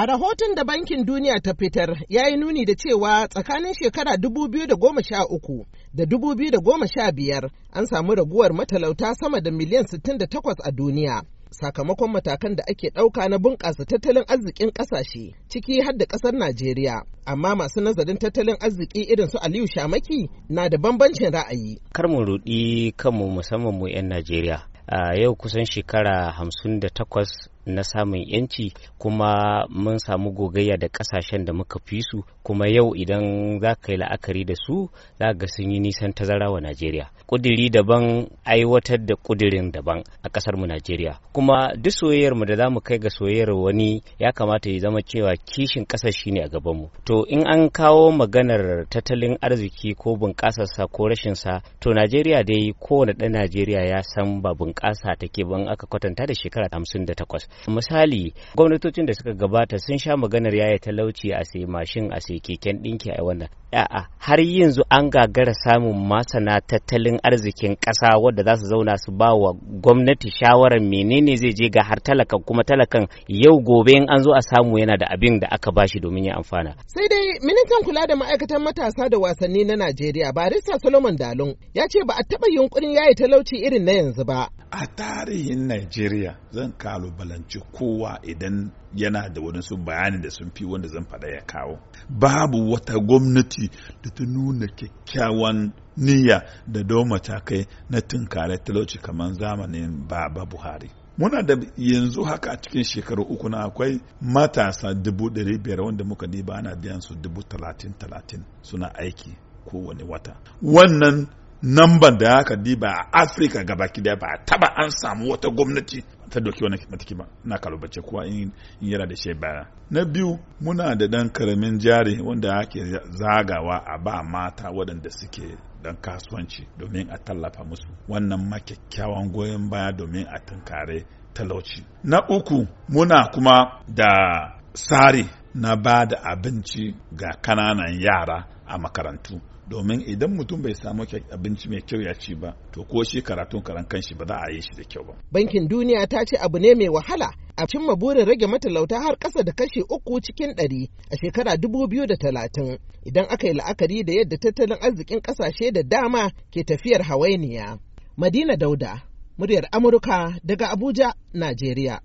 A rahoton da Bankin Duniya ta fitar ya yi nuni da cewa tsakanin shekara 2013 da 2015 an samu raguwar matalauta sama da miliyan 68 a duniya. Sakamakon matakan da ake ɗauka na bunƙasa tattalin arzikin ƙasashe ciki har da ƙasar Najeriya. Amma masu nazarin tattalin arziki irin su Aliyu Shamaki na da bambancin ra'ayi. Kar mu ruɗi kanmu musamman mu 'yan Najeriya. a yau kusan shekara hamsin da takwas na samun yanci kuma mun samu gogayya da kasashen da muka fi su kuma yau idan za ka yi la'akari da su za ga sun yi nisan tazara wa najeriya ƙudiri daban aiwatar da ƙudirin daban a ƙasarmu mu najeriya kuma duk soyayyar mu da za mu kai ga soyayyar wani ya kamata ya zama cewa kishin kasar shi ne a gaban mu to in an kawo maganar tattalin arziki ko bunƙasarsa ko rashin sa to najeriya dai kowane ɗan najeriya ya san ba bunƙasa take ban aka kwatanta da shekara hamsin da takwas misali gwamnatocin da suka gabata sun sha maganar yaya talauci a sai mashin a sai keken ɗinki a wannan a'a har yanzu an gagara samun masana tattalin arzikin ƙasa wadda za su zauna su ba wa gwamnati shawarar menene zai je ga har talakan kuma talakan yau gobe in an zo a samu yana da abin da aka bashi domin ya amfana. sai dai ministan kula da ma'aikatan matasa da wasanni na najeriya barista solomon dalon ya ce ba a taɓa yunkurin yaye talauci irin na yanzu ba a tarihin Najeriya zan kalubalanci kowa idan yana da wadansu bayani da sun fi wanda zan faɗa ya kawo. Babu wata gwamnati da ta nuna kyakkyawan niyya da ta matakai na tunkare talauci kamar zamanin Baba Buhari. Muna da yanzu haka a cikin shekaru uku na akwai matasa dubu ɗari biyar wanda muka diba ana biyan su dubu talatin talatin suna aiki kowane wata. Wannan namban da aka diba a afirka gaba daya ba taba an samu wata gwamnati ta doki wani mataki ba na kalubace kuwa in yana da shi baya na biyu muna da dan karamin jari wanda ake zagawa a ba mata waɗanda suke dan kasuwanci domin a tallafa musu wannan ma kyakkyawan goyon baya domin a tunkare talauci na uku muna kuma da tsari na ba da abinci ga kananan yara a makarantu domin idan mutum bai samu abinci mai kyau ya ci ba to ko shi karatun karan kanshi ba za a yi shi da kyau ba bankin duniya ta ce abu ne mai wahala a cimma burin rage matalauta har ƙasa da kashi uku cikin ɗari a shekara dubu biyu da talatin idan aka yi la'akari da yadda tattalin arzikin ƙasashe da dama ke tafiyar hawainiya madina dauda muryar amurka daga abuja najeriya